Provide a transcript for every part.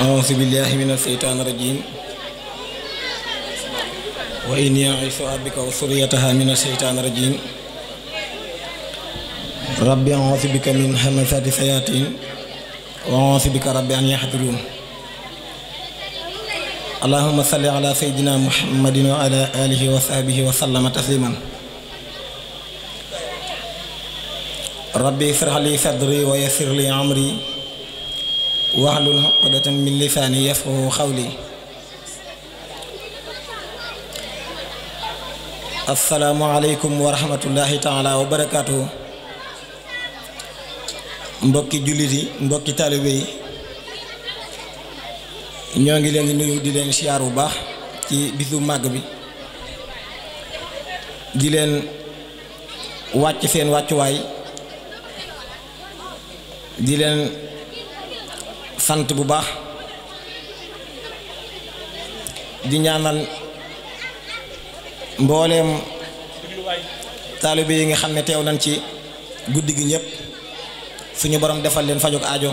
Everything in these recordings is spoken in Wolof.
أعوذ بالله من الشيطان الرجيم وإني أعيذها بك وذريتها من الشيطان الرجيم ربي أعوذ بك من همزات الشياطين وأعوذ بك ربي أن يحضرون اللهم صل على سيدنا محمد وعلى آله وصحبه وسلم تسليما ربي اشرح لي صدري ويسر لي أمري waxlul xoqdatan min lisaani yafqahu xawli asalaamualeykum wa rahmatullahi taala wa mbokki jullit yi mbokki taalibe yi ñoo ngi leen di nuyu di leen siyaar bu baax ci bisu màgg bi di leen wàcc seen wàccuwaay di leen sant bu baax di ñaanal mbooleem taalibe yi nga xam ne teew nañ ci guddi gi ñëpp suñu boroom defal leen fajog ajo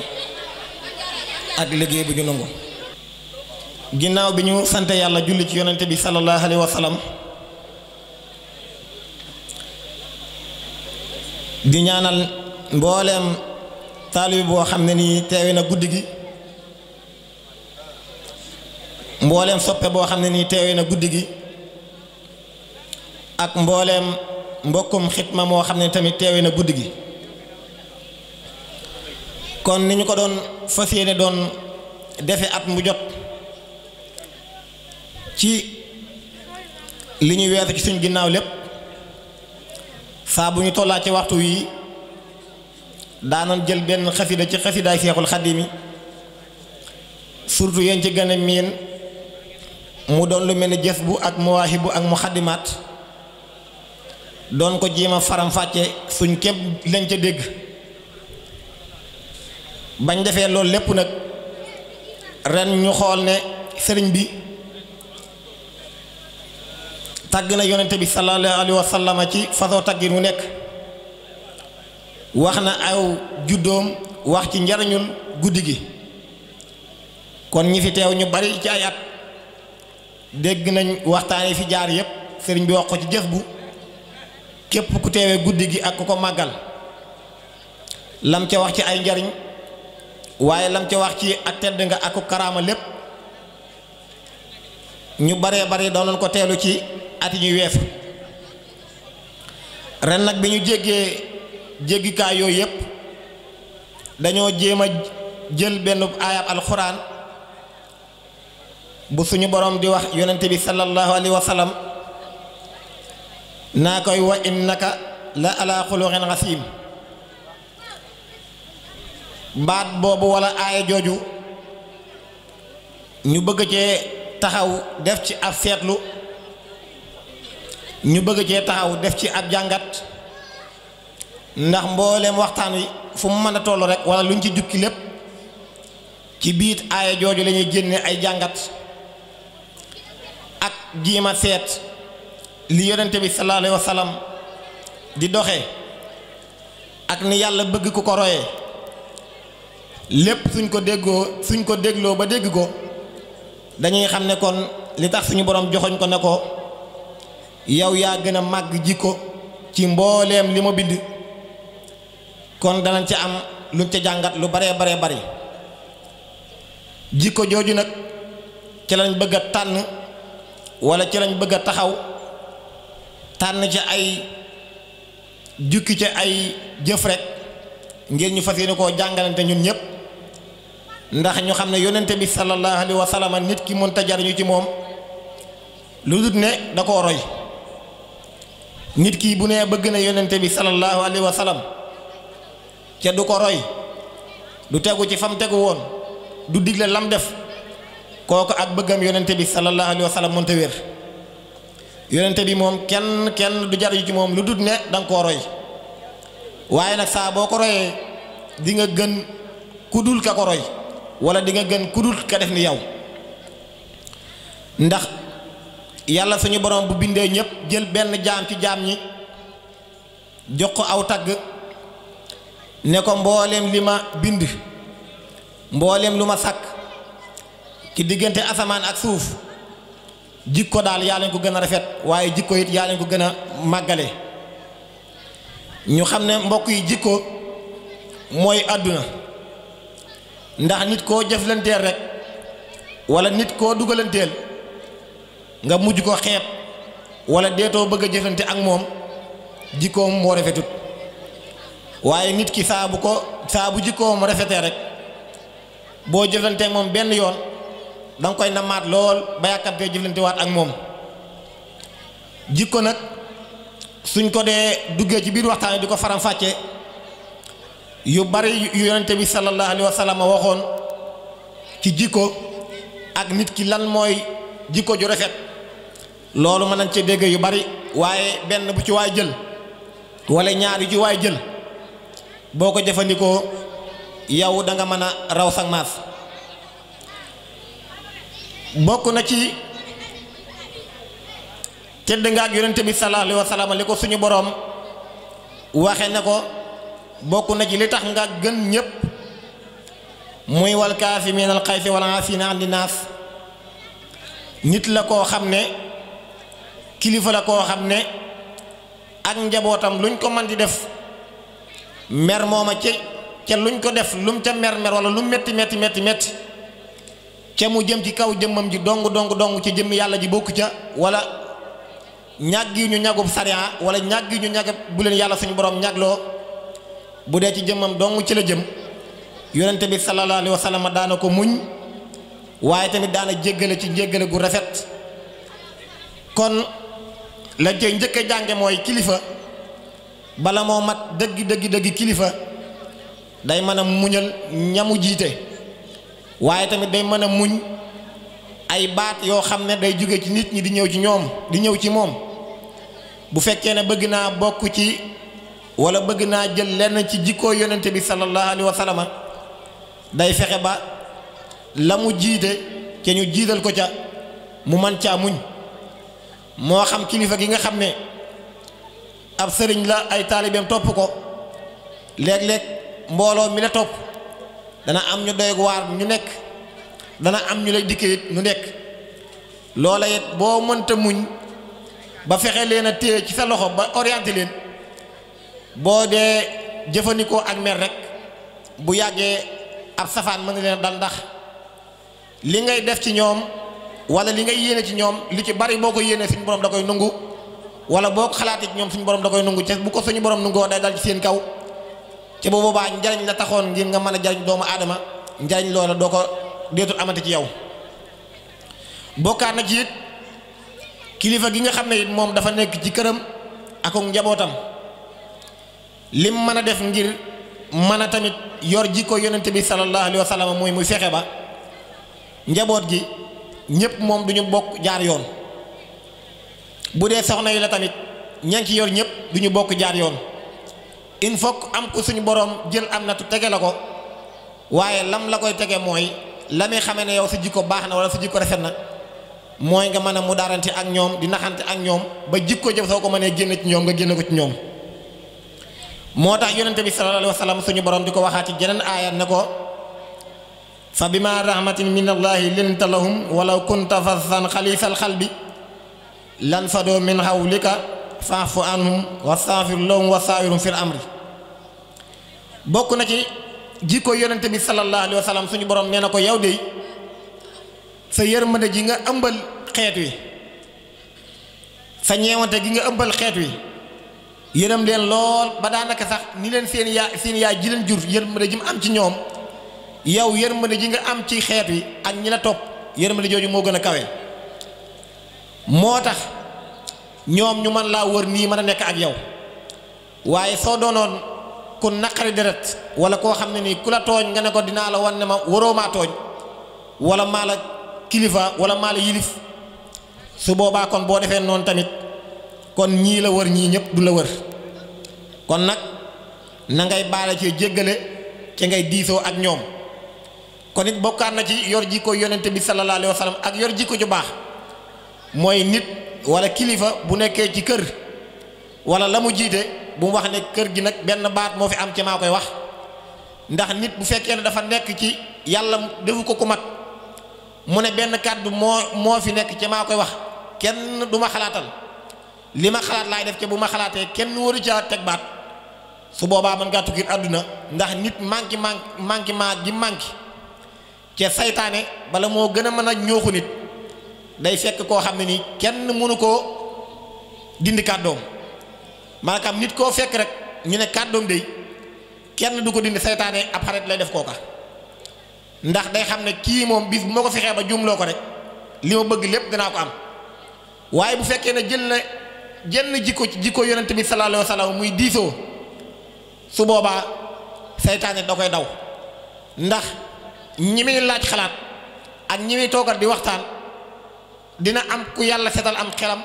ak liggéey bu ñu nangu ginnaaw bi ñu sante yàlla julli ci yonente bi sallallahu alayhi wa sallam di ñaanal mbooleem taalibe boo xam ne nii teewe na guddi gi mbooleem soppe boo xam ne nii teewee na guddi gi ak mbooleem mbokkum xitma moo xam ne tamit teewee na guddi gi kon ni ñu ko doon fas yéene doon defe at mu jot ci li ñuy weesu ci suñ ginnaaw lépp saa bu ñu tollaat ci waxtu wii daanoon jël benn xasida ci xasidaay seexul xadimi surtout yéen ci gën a miin mu doon lu mel ni jës bu ak bu ak muxaddimaat doon ko jéem a faram-fàcce suñ képp lañ ca dégg bañ defee loolu lépp nag ren ñu xool ne sëriñ bi tàgg na yonente bi sallallahu alayhi wa sallam ci façon tàggin wu nekk wax na aw juddoom wax ci njariñul guddi gi kon ñi fi teew ñu bari ci ay dégg nañ waxtaan yi fi jaar yépp sëriñ bi wax ko ci jëf bu képp ku teewee guddi gi ak ku ko màggal lam ca wax ci ay njariñ waaye lam ca wax ci ak tedd nga ak ku karaama lépp ñu baree bari doonoon ko teelu ci at yi weesu ren nag bi ñu jéggee jéggikaay yooyu yépp dañoo jéem a jël benn aayab alxuraan bu suñu boroom di wax yonente bi sallallahu alayhi wa sallam naa koy wa innaka la ala xuluqin xasim baat boobu wala aaya jooju ñu bëgg cee taxaw def ci ab seetlu ñu bëgg cee taxaw def ci ab jàngat ndax mboolem waxtaan wi fu mu mën a toll rek wala luñ ci jukki lépp ci biit aaya jooju lañuy ñuy ay jàngat ak jiima seet li yonente bi sallallahu alayhi di doxe ak ni yàlla bëgg ku ko roye lépp suñ ko déggoo suñ ko dégloo ba dégg ko dañuy xam ne kon li tax suñu boroom joxoñ ko ne ko yow yaa gën a màgg jikko ci mbooleem li ma bind kon danañ ca am luñ ca jàngat lu baree baree bari jikko jooju nag ci lañ bëgg a tànn wala ci lañ bëgg a taxaw tànn ca ay jukki ca ay jëf rek ngir ñu fas yéene koo jàngalante ñun ñëpp ndax ñu xam ne yonente bi sallallahu alayhi wa sallam nit ki mënta jariñu ci moom lu dut ne da koo roy nit kii bu nee bëgg na yonente bi sallallahu alayhi wa sallam ca du ko roy du tegu ci fam tegu woon du digle lam def kooku ak bëggam yonente bi sallallahu alayhi wa sallam mënta wér bi moom kenn kenn du jariñu ci moom lu dul ne da koo roy waaye nag saa boo ko royee dinga gën ku dul ka ko roy wala dinga gën ku dul ka def ni yow ndax yàlla suñu borom bu bindee ñépp jël benn jaam ci jaam ñi jox ko aw tagg ne ko mbooleem li ma bind mbooleem lu ma sàkk ki diggante asamaan ak suuf jikko daal yaa leen ko gën a rafet waaye jikko it yaa leen ko gën a màggale ñu xam ne mbokk yi jikko mooy àdduna ndax nit koo jëflanteel rek wala nit koo dugalanteel nga mujj ko xeeb wala deetoo bëgg a jëflante ak moom jikkoom moo rafetut waaye nit ki saa ko saa bu jikkoom rafetee rek boo jëflanteek moom benn yoon da nga koy namaat lool ba yaakaar koy jëflantewaat ak moom jikko nag suñ ko dee duggee ci biir waxtaan di ko faramfàcce yu bari yu yonente bi sallallahu alayhi wa sallam waxoon ci jikko ak nit ki lan mooy jikko ju rafet loolu mën nañ ci dégg yu bari waaye benn bu ci waay jël wala ñaar yu ci waay jël boo ko jëfandikoo yow danga nga mën a raw sa maas bokk na ci tedd nga ak yonente bi sallallahu alayhi li ko suñu boroom waxe ne ko bokk na ci li tax nga gën ñépp muy wal kaasimiina al xaysi wal aafina ani naas nit la koo xam ne kilifa la koo xam ne ak njabootam luñ ko mën di def mer mooma ci ca luñ ko def lum ca mer mer wala lu metti metti metti metti ca mu jëm ci kaw jëmmam ji dong dong dong ci jëm yàlla ji bokku ca wala ñàgg yu ñu ñagub sariya wala ñàgg yu ñu ñagub bu yàlla suñu boroom ñagloo bu dee ci jëmmam dong ci la jëm yonente bi sallallahu alayhi wa daana ko muñ waaye tamit daana jéggale ci jéggale gu rafet kon lañ cey njëkk a jànge mooy kilifa bala moo mat dëgg dëgg dëgg kilifa day mën muñal ñamu jiite waaye tamit day mën a muñ ay baat yoo xam ne day jóge ci nit ñi di ñëw ci ñoom di ñëw ci moom bu fekkee ne bëgg naa bokk ci wala bëgg naa jël lenn ci jikkoo yonente bi sallallahu alayhi wa sallam day fexe ba la mu jiite ca ñu jiital ko ca mu man caa muñ moo xam kilifa gi nga xam ne ab sëriñ la ay taalibeem topp ko léeg-léeg mbooloo mi la topp dana am ñu doy waar ñu nekk dana am ñu lay dikkee it ñu nekk loola it boo mënta muñ ba fexe leen a téye ci sa loxo ba orienté leen boo dee jëfandikoo ak mer rek bu yàggee ab safaan mën na leen dal ndax li ngay def ci ñoom wala li ngay yéene ci ñoom li ci bari boo ko yéene suñu borom da koy nungu wala boo ko xalaatee ci ñoom suñu borom da koy nungu ca bu ko suñu borom nungoo day dal ci seen kaw. ci bu boobaa njariñ la taxoon ngir nga mën a jariñ doomu aadama njariñ loola doo ko deetul amati ci yow bokkaat na ci it kilifa gi nga xam ne it moom dafa nekk ci këram ak njabootam lim mën a def ngir mën a tamit yor jikko yonent bi sallallahu alayhi wa sallam mooy muy fexe ba njaboot gi ñëpp moom duñu bokk jaar yoon bu dee soxna yi la tamit ña ci yor ñëpp duñu bokk jaar yoon il faut am ko suñu boroom jël am na nattu tege la ko waaye lam la koy tege mooy la muy xamee ne yow sa jikko baax na wala sa jikko rafet na mooy nga mën a mu daarante ak ñoom di naxante ak ñoom ba jikko jëf soo ko mënee génn ci ñoom nga génn ko ci ñoom moo tax yonente bi sallallahu alayhi suñu borom di ko waxaat ci jeneen aaya ne ko fa bima rahmatin min allahi linta lahum walaw kunta fassan xalisal xalbi lan fadoo min hawlika faafu anhum wastaafir lahum wasaawirum fil amri bokk na ci jikko yonente bi sallallahu alayhi wa sallam suñu borom nee na ko yow de sa yërmande ji nga ëmbal xeet wi sa ñeewante gi nga ëmbal xeet wi yërëm leen lool ba daanaka sax ni leen seen yaa seen yaay ji leen jur yërmande ji mu am ci ñoom yow yërmande ji nga am ci xeet wi ak ñi la topp yërmande jooju moo gën a kawe moo tax ñoom ñu mën laa wër nii mën a nekk ak yow waaye soo doonoon ku naqari deret wala koo xam ne nii ku la tooñ nga ne ko dinaa la wanne ma waroo maa tooñ wala maa la kilifa wala maa la yilif su boobaa kon boo defee noon tamit kon ñii la wër ñii ñëpp du la wër kon nag na ngay baale ci jéggale ci ngay diisoo ak ñoom kon it bokkaat na ci yor jikko yonente bi sallallahu alayhi wa ak yor jikko ju baax mooy nit wala kilifa bu nekkee ci kër wala la mu jiite bu mu wax ne kër gi nag benn baat moo fi am ci maa koy wax ndax nit bu fekkee ne dafa nekk ci yàlla defu ko ku mat mu ne benn kàddu moo moo fi nekk ci maa koy wax kenn duma xalaatal li ma xalaat laay def ca bu ma xalaatee kenn waru ca teg baat su boobaa mën ngaa tukki àdduna ndax nit manqué manqué manqué maa gi seytaane bala moo gën a mën a ñooxu nit. day fekk koo xam ne nii kenn mënu koo dindi kàddoom maanaam nit koo fekk rek ñu ne kàddoom day kenn du ko dindi seytaane ab xarit lay def kooka ndax day xam ne kii moom bis moo ko fexee ba jumloo ko rek li ma bëgg lépp danaa ko am waaye bu fekkee ne jël na jenn jikko jikko yonent bi sallallahu alayhi wa muy diisoo su boobaa seytaane da koy daw ndax ñi laaj xalaat ak ñi muy di waxtaan dina am ku yàlla setal am xelam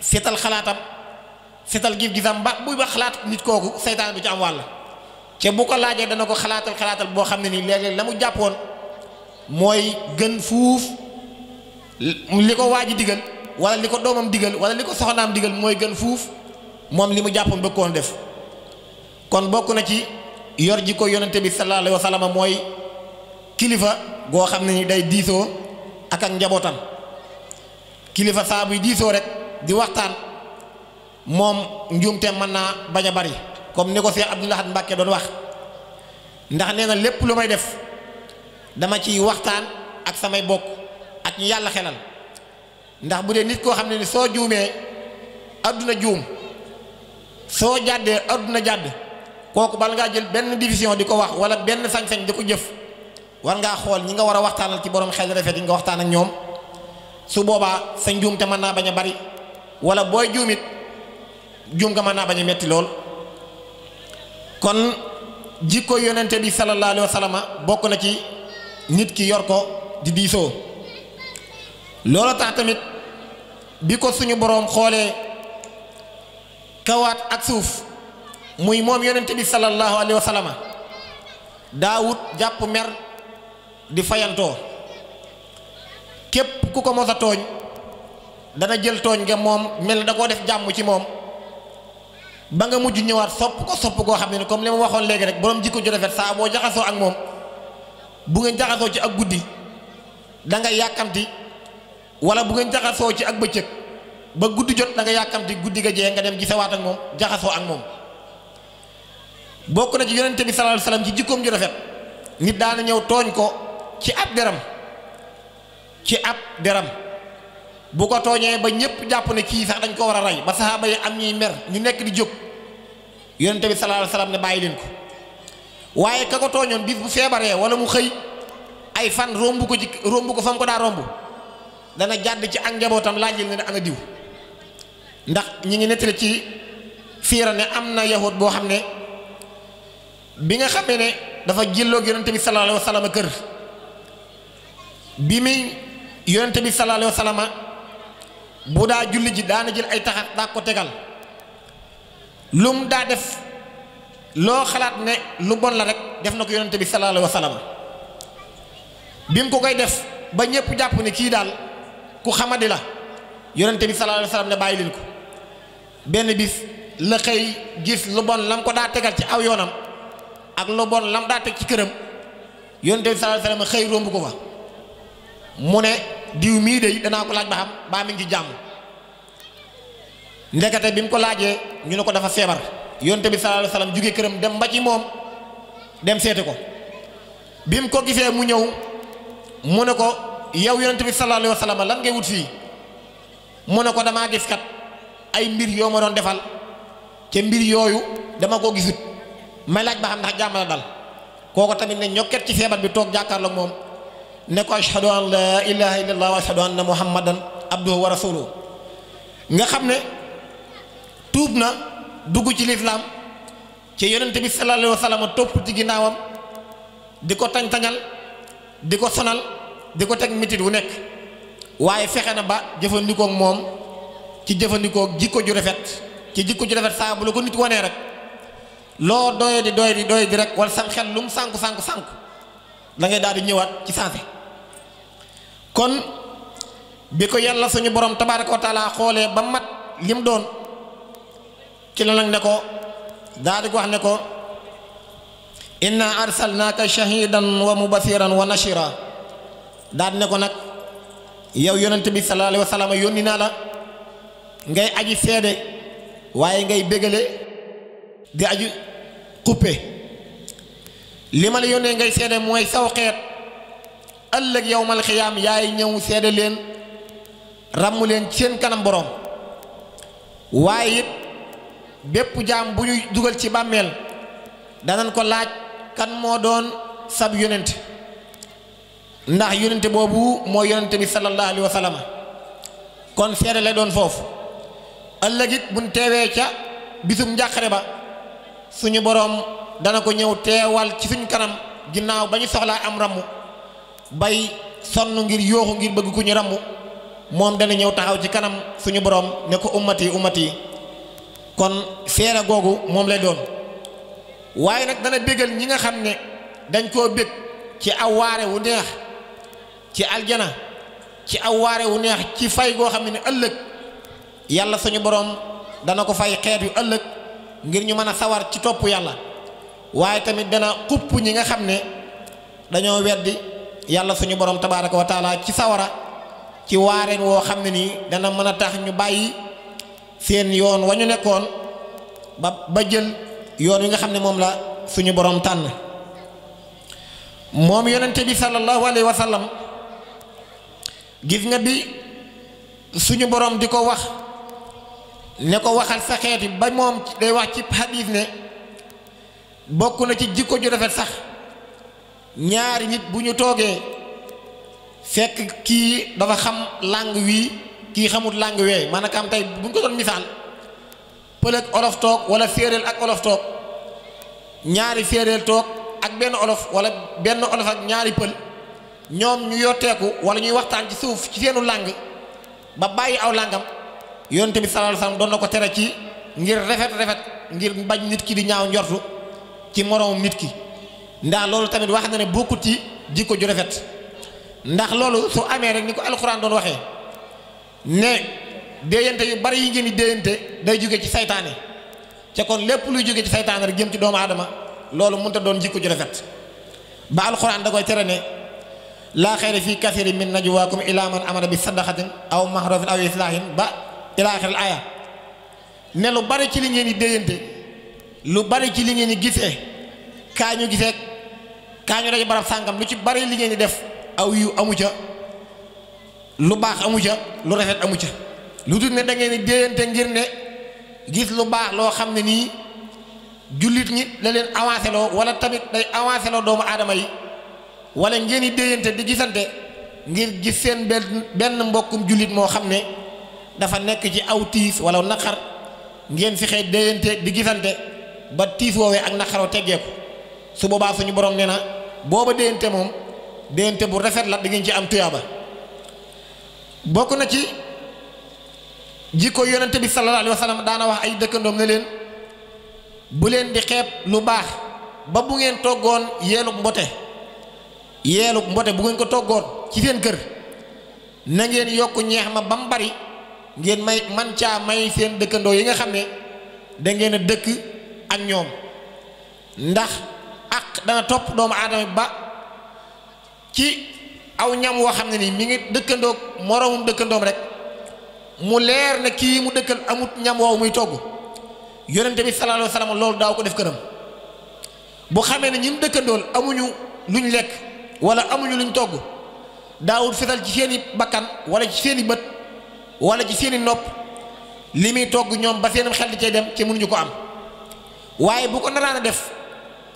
setal xalaatam setal gis-gisam mba muy ba xalaat nit kooku seytaan du ci am wàll te bu ko laajee dana ko xalaatal xalaatal boo xam ne nii léeg-léeg la mu jàppoon mooy gën fuuf li ko waaji digal wala li ko doomam digal wala li ko soxnaam digal mooy gën fuuf moom li mu jàppoon bëgg koon def kon bokk na ci yor ji ko yonente bi sallallahu alayhi mooy kilifa goo xam ne ni day diisoo ak ak njabootam kilifa saa buy diisoo rek di waxtaan moom njuumte mën naa bañ a bari comme ni ko Seex Abdul Ahad Mbàkke doon wax ndax nee na lépp lu may def dama ci waxtaan ak samay bokk ak ñi yàlla xelal ndax bu dee nit koo xam ne ni soo juumee adduna juum soo jàddee adduna jàdd kooku bal ngaa jël benn division di ko wax wala benn sañ-sañ di ko jëf war ngaa xool ñi nga war a waxtaanal ci borom xel rafet yi nga waxtaan ak ñoom su boobaa sa njuumte ma naa bañ a bari wala booy juumit juum nga mën naa bañ metti lool kon jikko yonente bi sallallahu alayhi wa bokk na ci nit ki yor ko di diisoo loola tax tamit bi ko suñu boroom xoolee kawaat ak suuf muy moom yonente bi sallallahu alayhi wa daawut jàpp mer di fayantoo képp ku ko mos a tooñ dana jël tooñ nga moom mel da koo def jàmm ci moom ba nga mujj ñëwaat sopp ko sopp koo xam ne comme li ma waxoon léegi rek borom jikko ju rafet saa boo ak moom bu ngeen jaxasoo ci ak guddi da yàkkamti wala bu ngeen jaxasoo ci ak bëccëg ba guddi jot danga nga yàkkamti guddi nga jee nga dem gisawaat ak moom jaxasoo ak moom. bokk na ci yonente bi sallallahu alayhi wasallam ci jikkoom ju rafet nit daana ñëw tooñ ko ci ab deram ci ab deram bu ko tooñee ba ñépp jàpp ne kii sax dañ ko war a rey ba saxaaba yi am ñuy mer ñu nekk di jóg yonente bi sallallahu alayhi wasallam ne bàyyi leen ko waaye ka ko tooñoon bis bu feebaree wala mu xëy ay fan romb ko ci romb ko fa ko daa romb dana jàdd ci ak njabootam laaj leen ne ana diw ndax ñi ngi nettali ci fiira ne am na yahut boo xam ne bi nga xamee ne dafa jëlloog yonente bi sallallahu alayhi wasallam kër bi muy yonent bi sallallahu alayhi wa sallam bu daa julli ji daana jël ay taxax daa ko tegal lum daa def loo xalaat ne lu bon la rek def na ko yonent bi sallallahu alayhi wa sallam bi mu ko koy def ba ñëpp jàpp ne kii daal ku xamadi la yonent bi sallallahu alayhi wa sallam ne bàyyi leen ko benn bis la xëy gis lu bon lam ko daa tegal ci aw yoonam ak lu bon lam daa teg ci këram yonent bi sallallahu alayhi wa sallam xëy romb ko fa. mu ne diw mii de danaa ko laaj ba xam baa mi ngi jàmm ndekete bi mu ko laajee ñu ne ko dafa feebar yonte bi sallallahu alayhi jóge këram dem ba ci moom dem seeti ko bi mu ko gisee mu ñëw mu ne ko yow yonte bi sallallahu alayhi wasallam lan ngay wut fii mu ne ko damaa gis kat ay mbir yoo ma doon defal ca mbir yooyu dama koo gisut may laaj ba xam ndax jàmm la dal kooko tamit ne ñokket ci feebar bi toog jàkkaarloo moom ne ko ashhadu an laa ilaha illallah wa ashhadu anna muhammadan abduhu wa rasuluhu nga xam ne tuub na dugg ci lislaam ci yonent bi sallallahu alayhi wa topp ci ginnaawam di ko tañ-tañal di ko sonal di ko teg mitit wu nekk waaye fexe na ba jëfandikoo moom ci jëfandikoo jikko ju rafet ci jikko ju rafet saa bu la ko nit wanee rek loo doye di doye di doye di rek wala sam xel lu mu sànku sànku sànku da ngay daal di ñëwaat ci saase kon bi ko yàlla suñu boroom tabaaraka wa taala xoolee ba mat lim doon ci la ne ko daadi ko wax ne ko inna arsalnaaka shahidan wa mubasiran wa nashira daal ne ko nag yow yonent bi sallallahu alayhi wa sallam yónni naa la ngay aji seede waaye ngay bégale di aji xuppe li ma la yónnee ngay seede mooy saw xeet ëllëg yowmal xiyaam yaay ñëw seede leen ràmm leen seen kanam boroom waaye it bépp jaam bu ñu dugal ci bàmmeel danañ ko laaj kan moo doon sab yonent ndax yonent boobu moo yonent bi sallallahu alayhi wa sallam kon seede lay doon foofu ëllëg it buñ teewee ca bisum njàqare ba suñu boroom dana ko ñëw teewal ci suñ kanam ginnaaw ba ñu soxlaa am ramm bay sonn ngir yooxu ngir bëgg ku ñu ramm moom dana ñëw taxaw ci kanam suñu boroom ne ko ummati ummati kon feere googu moom lay doon waaye nag dana bégal ñi nga xam ne dañ koo bég ci aw waare wu neex ci aljana ci aw waare wu neex ci fay goo xam ne ni ëllëg yàlla suñu borom dana ko fay xeet yu ëllëg ngir ñu mën a sawar ci topp yàlla waaye tamit dana xupp ñi nga xam ne dañoo weddi yàlla suñu borom tabaaraka wa taala ci sawara ci waareen woo xam ne nii dana mën a tax ñu bàyyi seen yoon wa ñu nekkoon ba ba jël yoon wi nga xam ne moom la suñu boroom tànn moom yonente bi sallallahu alayhi wa sallam gis nga bi suñu boroom di ko wax ne ko waxal sa xeeti ba moom day wax ci xadiis ne bokk na ci jikko ju rafet sax ñaari nit bu ñu toogee fekk kii dafa xam làng wii kii xamut làng langue weey am tey bu ñu ko doon misaal pël ak olof toog wala séeréer ak olof toog ñaari séeréer toog ak benn olof wala benn olof ak ñaari pël ñoom ñu yotteeku wala ñuy waxtaan ci suuf ci seenu langue ba bàyyi aw langam yonent bi sallallahu alayhi doon na ko tere ci ngir rafet rafet ngir bañ nit ki di ñaaw njortu ci moroom nit ki ndax loolu tamit wax na ne bokkut ci jikko ju ndax loolu su amee rek ni ko alxuraan doon waxee ne déeyante yu bari yi ngeen di déeyante day jóge ci saytaane ca kon lépp luy jóge ci saytaane rek jëm ci doomu aadama loolu mënut a doon jikko ju rafet ba alxuraan da koy tere ne laa xayra fii kasirin min najwaakum ilaa man amara bi sadaqatin aw ma'rufin aw islaahin ba ilaa aaxiril aaya ne lu bari ci li ngeen di déeyante lu bari ci li ngeen di gisee kaa ñu gisee kaa ñu daje barab sàngam lu ci bari li ngeen di def aw yu amu ca lu baax amu ca lu rafet amu ca lu dul ne da ngeen di déyante ngir ne gis lu baax loo xam ne nii jullit ñi la leen avancé loo wala tamit day avancé doomu aadama yi walla ngeen di déyante di gisante ngir gis seen benn benn mbokkum jullit moo xam ne dafa nekk ci aw tiis wala naqar ngeen fexe déyante di gisante. ba tiis woowee ak naqaroo ko su boobaa suñu boroom ne na booba déyante moom déyante bu rafet la di ngeen ci am tuyaaba bokk na ci jikko yonente bi sallallahu alayhi wa daana wax ay dëkkandoom ne leen bu leen di xeeb lu baax ba bu ngeen toggoon yeelub mbote yeelub mbote bu ngeen ko toggoon ci seen kër na ngeen yokk ñeex ma ba mu bari ngeen may man caa may seen dëkkandoo yi nga xam ne da ngeen a dëkk ak ñoom ndax ak dana topp doomu aadama ba ci aw ñam woo xam ne nii mi ngi dëkkandook moroomum dëkkandoom rek mu leer na kii mu dëkkal amut ñam woowu muy togg yonente bi sallallahu alayhi loolu daaw ko def këram bu xamee ne ñim dëkkandool amuñu luñ lekk wala amuñu luñ togg daawul fetal ci seeni bakkan wala ci seeni bët wala ci seeni nopp li muy togg ñoom ba seen xel di cay dem ci mënuñu ko am waaye bu ko naraan def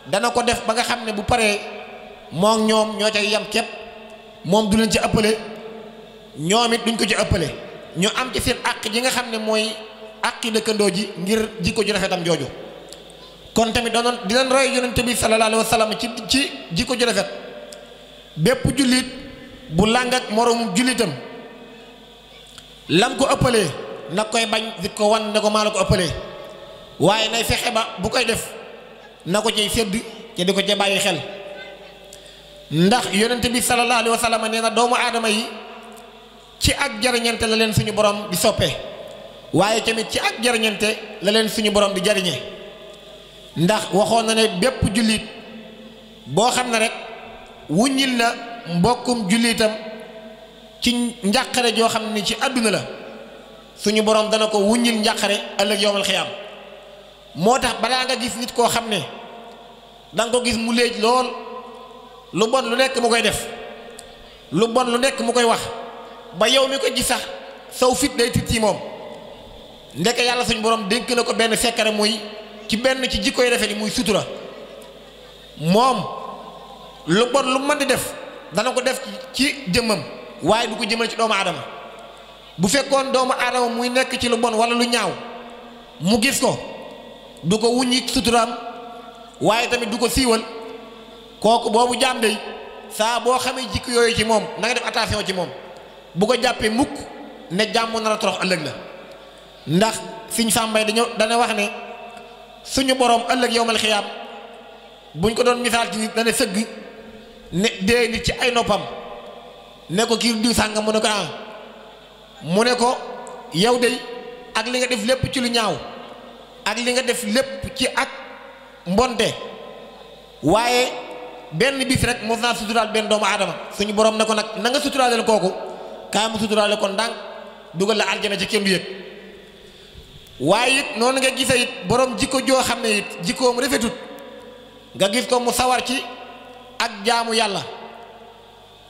dana ko def ba nga xam ne bu paree moom ñoom ñoo cay yam képp moom du leen ci ëppale ñoom it duñ ko ci ëppale ñu am ci seen àq ji nga xam ne mooy àqi dëkkandoo ji ngir jikko ju rafetam jooju kon tamit doonoon di leen roy yonente bi sallallahu alayhi wa sallam ci ci jikko ju rafet bépp jullit bu làng moroomu moroomum jullitam lam ko ëppalee na koy bañ di ko wan ne ko maa la ko ëppalee waaye nay fexe ba bu koy def na ko cay sedd te di ko ca bàyyi xel ndax yonent bi sallallahu alayhi wa sallam nee na doomu aadama yi ci ak jariñante la leen suñu borom di soppee waaye tamit ci ak jariñante la leen suñu borom di jariñe ndax waxoon na ne bépp jullit boo xam ne rek wuññil na mbokkum jullitam ci njàqare joo xam ne ci àdduna la suñu borom dana ko wuññil njàqare ëllëg yowmal xiyaam moo tax balaa nga gis nit koo xam ne danga ko gis mu léej lool lu bon lu nekk mu koy def lu bon lu nekk mu koy wax ba yow mi ko ji sax saw fit day tit ci moom ndeke yàlla suñ borom dénk na ko benn sekkare muy ci benn ci jikkoy rafet yi muy sutura moom lu bon lu mën di def dana ko def ci jëmmam waaye du ko jëmale ci doomu aadama bu fekkoon doomu aadama muy nekk ci lu bon walla lu ñaaw mu gis ko du ko wuññi suturaam waaye tamit du ko siiwal kooku boobu jaam day saa boo xamee jikko yooyu ci moom na def attention ci moom bu ko jàppee mukk ne jàmm nar a torox ëllëg la ndax siñ sàmbay dañoo dana wax ne suñu boroom ëllëg yowmal xiyaam buñ ko doon misaal ci nit dana sëgg ne dee nit ci ay noppam ne ko kii diw sàngam mu ne ko ah mu ne ko yow de ak li nga def lépp ci lu ñaaw ak li nga def lépp ci ak mbonte waaye benn bis rek mos naa suturaal benn doomu aadama suñu borom ne ko nag nanga nga suturaale kooku kaa mu suturaale ko ndànk dugal la aljana ci kenn du yëg waaye it noonu nga gise it borom jikko joo xam ne it jikkoom rafetut nga gis ko mu sawar ci ak jaamu yàlla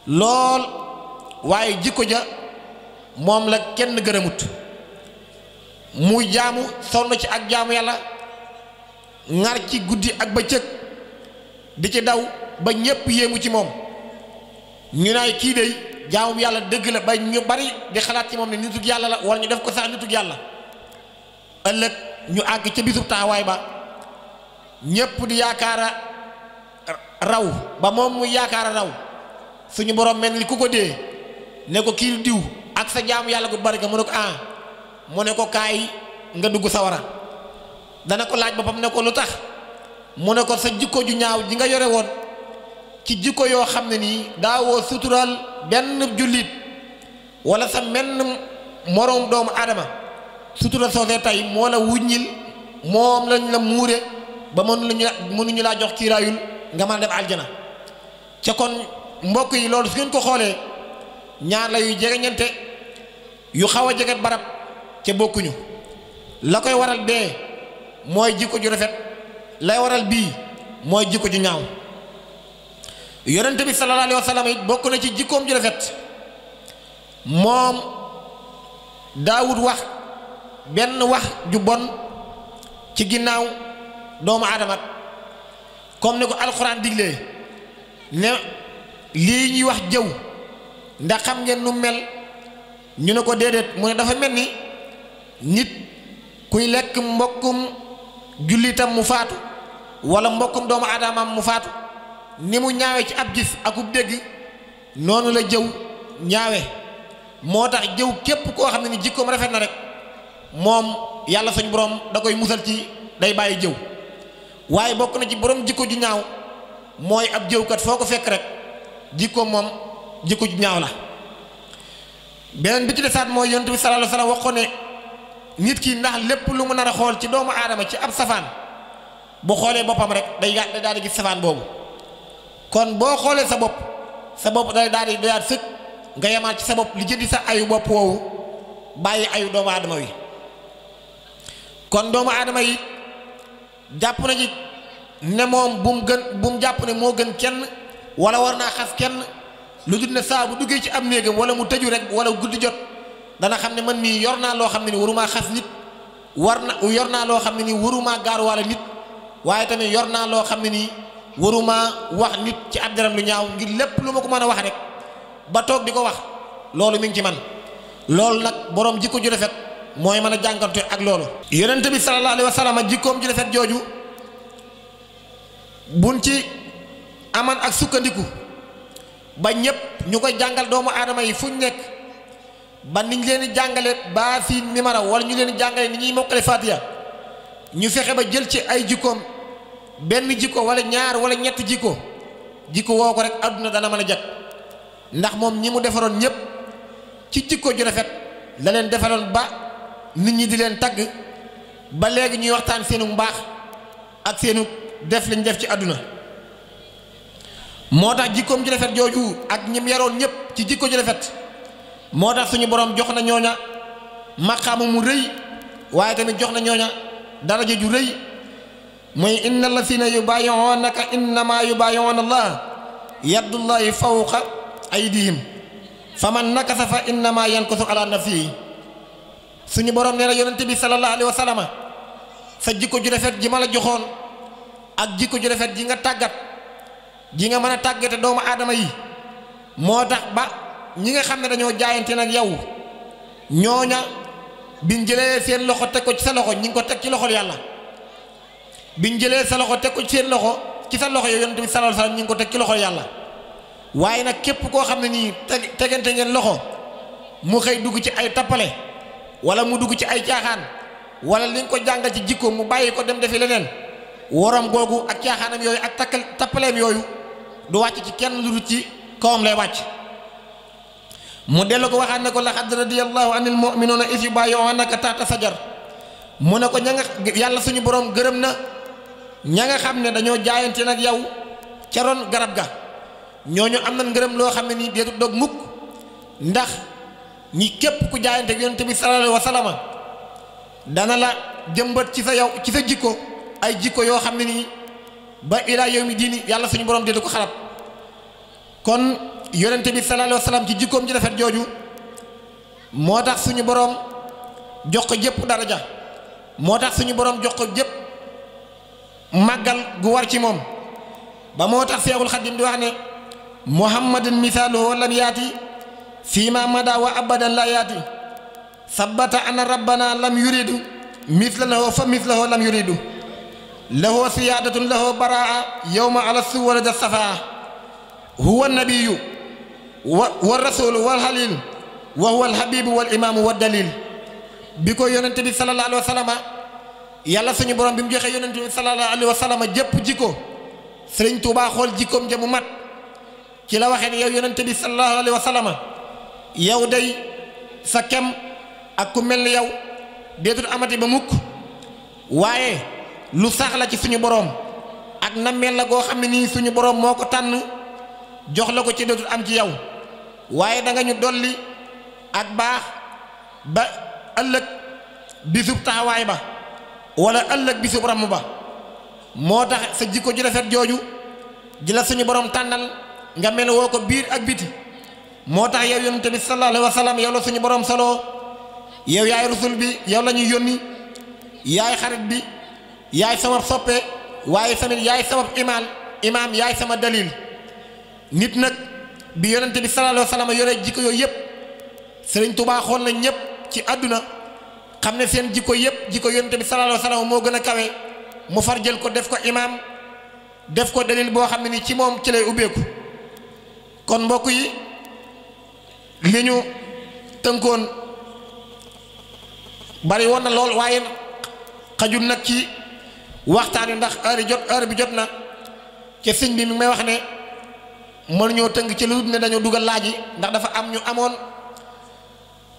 lool waaye jikko ja moom la kenn gërëmut muy jaamu sonn ci ak jaamu yàlla ŋar ci guddi ak bëccëg di ci daw ba ñépp yéemu ci moom ñu naay kii dey jaamu yàlla dëgg la ba ñu bari di xalaat ci moom ne nitug yàlla la wala ñu def ko sax nitug yàlla ëllëg ñu àgg ci bisub taxawaay ba ñépp di yaakaara raw ba moom muy yaakaara raw suñu borom mel ni ku ko dee ne ko kii diw ak sa jaamu yàlla gu bari nga mu ko ah mu ne ko kaay nga dugg sawara dana ko laaj boppam ne ko lu tax mu ne ko sa jikko ju ñaaw ji nga yore woon ci jikko yoo xam ne nii daawoo suturaal benn jullit wala sa menn moroom doomu aadama soo soosee tey moo la wuññil moom lañ la muure ba mënuñu la mënuñu laa jox kiiraayul nga mën a dem aljana ca kon mbokk yi loolu su ngeen ko xoolee ñaar la yuy jegeñante yu xaw a jege barab ca bokkuñu la koy waral bee mooy jikko ju rafet lay waral bii mooy jikko ju ñaaw yonent bi sallallahu alayhi wa bokk na ci jikkoom ju rafet moom daawut wax benn wax ju bon ci ginnaaw doomu aadama comme ni ko alxuraan diglee ne lii ñuy wax jëw ndax xam ngeen nu mel ñu ne ko déedéet mu ne dafa mel ni nit kuy lekk mbokkum jullitam mu faatu wala mbokkum doomu aadamam mu faatu ni mu ñaawe ci ab gis akub dégg noonu la jëw ñaawe moo tax jëw képp koo xam ne ni jikkoom rafet na rek moom yàlla suñ borom da koy musal ci day bàyyi jëw waaye bokk na ci borom jikko ju ñaaw mooy ab jëwkat foo ko fekk rek jikkoom moom jikko ju ñaaw la beneen bi ci desaat mooy yonent bi sallallahu alayhi wasallam nit ki ndax lépp lu mu nar a xool ci doomu aadama ci ab safaan bu xoolee boppam rek day day daal di gis safaan boobu kon boo xoolee sa bopp sa bopp day daal di daal sëkk nga yemaat ci sa bopp li jëndi sa ayu bopp woowu bàyyi ayu doomu aadama wi kon doomu aadama yi jàpp na ci ne moom bu gën bu mu jàpp ne moo gën kenn wala war naa xas kenn lu dul ne saa bu duggee ci am néegam wala mu tëju rek wala guddi jot dana xam ne man mii yor naa loo xam ne ni warumaa xas nit war na yor naa loo xam ne nii warumaa gaaruwaale nit waaye tamit yor naa loo xam ne nii warumaa wax nit ci ab jaram lu ñaaw ngir lépp lu ma ko mën a wax rek ba toog di ko wax loolu mi ngi ci man loolu nag borom jikko ju rafet mooy mën a jànkonte ak loolu yeneen bi sallallahu alayhi wa sallam jikkoom ju rafet jooju buñ ci aman ak sukkandiku ba ñëpp ñu ko jàngal doomu aadama yi fuñ nekk ba niñ leen jàngale baa fii nimara wala ñu leen jàngale ni ñuy mokkale fatiha ñu fexe ba jël ci ay jikkoom benn jikko wala ñaar wala ñett jikko jikko woo rek àdduna dana mën a jag ndax moom ñi mu defaroon ñëpp ci jikko ju rafet la leen defaroon ba nit ñi di leen tagg ba léegi ñuy waxtaan seenu mbaax ak seenu def liñ def ci àdduna moo tax jikkoom ju rafet jooju ak ñim yaroon ñëpp ci jikko ju rafet moo tax suñu boroom jox na ñooña maqaama mu rëy waaye tamit jox na ñooña daraja ju rëy mooy inna allazina yubaayi'uunaka innamaa yubaayi'uuna allaha yadullahi fawqa aydihim ay nakasa fa innamaa yankusu ala nafsihi suñu borom nee na yonente bi sallallahu alayhi wa sallama sa jikko ju rafet ji ma la joxoon ak jikko ju rafet ji nga tàggat ji nga mën a tàggate doomu aadama yi moo tax ba ñi nga xam ne dañoo jaayante nag yow ñooña biñ jëlee seen loxo teg ko ci sa loxo ñi ngi ko teg ci loxol yàlla biñ jëlee sa loxo teg ko ci seen loxo ci sa loxo yow yonent bi sallallahu alayhi wasallam ñi ngi ko teg ci loxol yàlla waaye nag képp koo xam ne nii teg tegante ngeen loxo mu xëy dugg ci ay tappale wala mu dugg ci ay caaxaan wala li nga ko jàngal ci jikko mu bàyyi ko dem defi leneen worom googu ak caaxaanam yooyu ak takkal tappaleem yooyu du wàcc ci kenn lu dul ci kawam lay wàcc mu dellu ko waxaat ne ko laqad radiyallahu anil mu'minuna idh yubayyi'unaka tahta sajar mu ne ko ña nga yàlla suñu borom gërëm na ña nga xam ne dañoo jaayante nag yow ca ron garab ga ñoo ñu am na ngërëm loo xam ne nii deetu dog mukk ndax ñi képp ku jaayante ak yonent bi sallallahu alayhi wa dana la jëmbët ci sa yow ci sa jikko ay jikko yoo xam ne nii ba ilaa yawmi diini yàlla suñu borom deetu ko xarab kon yonente bi sallallahu alayhi wa sallam ci jikkoom ji rafet jooju moo tax suñu boroom jox ko jëpp daraja moo tax suñu boroom jox ko jëpp màggal gu war ci moom ba moo tax seexul xadim di wax ne muhammadun misaaluhu lam yaati fiima mada wa abadan la yaati sabbata ana rabbana lam yuridu mislahu fa mislahu lam yuridu lahu siyaadatun lahu baraa yowma ala suwalada safaa huwa nabiyu wa rasulu wal xalil wa huwa alhabibu wal imaamu wa dalil bi ko yonente bi sallallahu alayhi wa yàlla suñu borom bi mu joxee yonente bi sallallahu alayhi wa sallam jëpp jikko sëriñ Tuubaa xool jikkoom ja mu mat ci la waxee ne yow yonente bi sallallahu alayhi yow day sa kem ak ku mel ni yow déetul amati ba mukk waaye lu sax la ci suñu boroom ak nammeel la goo xam ne nii suñu borom moo ko tànn jox la ko ci déetul am ci yow waaye danga nga ñu dolli ak baax ba ëllëg bisub taxawaay ba wala ëllëg bisub ramm ba moo tax sa jikko ju rafet jooju ji la suñu boroom tànnal nga mel woo ko biir ak biti moo tax yow yonent bi sallallahu alayhi wa sallam la suñu borom solo yow yaay rusul bi yow lañuy ñuy yónni yaay xarit bi yaay sama soppe waaye tamit yaay sama imaam imaam yaay sama dalil nit nag. bi yonente bi sallallahu alayhi jikko yooyu yëpp sëriñ Tuubaa na ñëpp ci àdduna xam ne seen jikko yëpp jikko yonente bi sallallahu alayhi wa moo gën a kawe mu far jël ko def ko imaam def ko dalil boo xam ne ni ci moom ci lay ubbeeku kon mbokk yi li ñu tënkoon bari woon na lool waaye xajul nag ci waxtaan wi ndax heure jot heure bi jot na ca sëñ bi mi wax ne. mën ñoo tëng ci lu ne dañoo dugal laaj yi ndax dafa am ñu amoon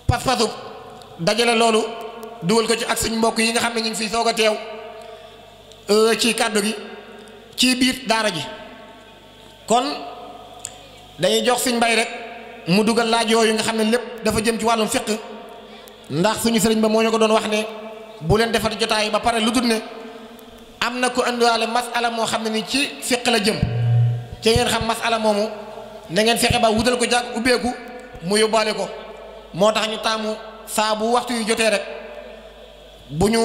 pas-pasu dajale loolu dugal ko ci ak suñ mbokk yi nga xam ne ñu ngi fiy soog a teew euh, ci kàddu gi ci biir daara ji kon dañuy jox suñ bay rek mu dugal laaj yooyu nga xam ne lépp dafa jëm ci wàllum fiq ndax suñu sëriñ ba moo ñu ko doon wax ne bu leen defar jotaay ba pare lu dul ne am na ku indiwaale masala moo xam ne ni ci fiq la jëm ci ngeen xam masala moomu na ngeen fexe ba wutal ko jàkk ubbeeku mu yóbbaale ko moo tax ñu taamu saa bu waxtu yu jotee rek bu ñu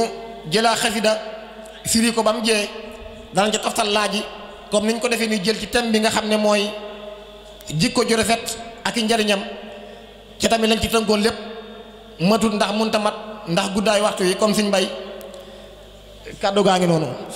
jëlaa xasida firi ko ba mu jee danañ ca toftal laaj yi comme niñ ko defee ni jël ci thème bi nga xam ne mooy ko ju fet ak i njariñam ci tamit lañ ci tënkoon lépp matul ndax munta mat ndax guddaayu waxtu yi comme suñ bay kàddu gaa ngi noonu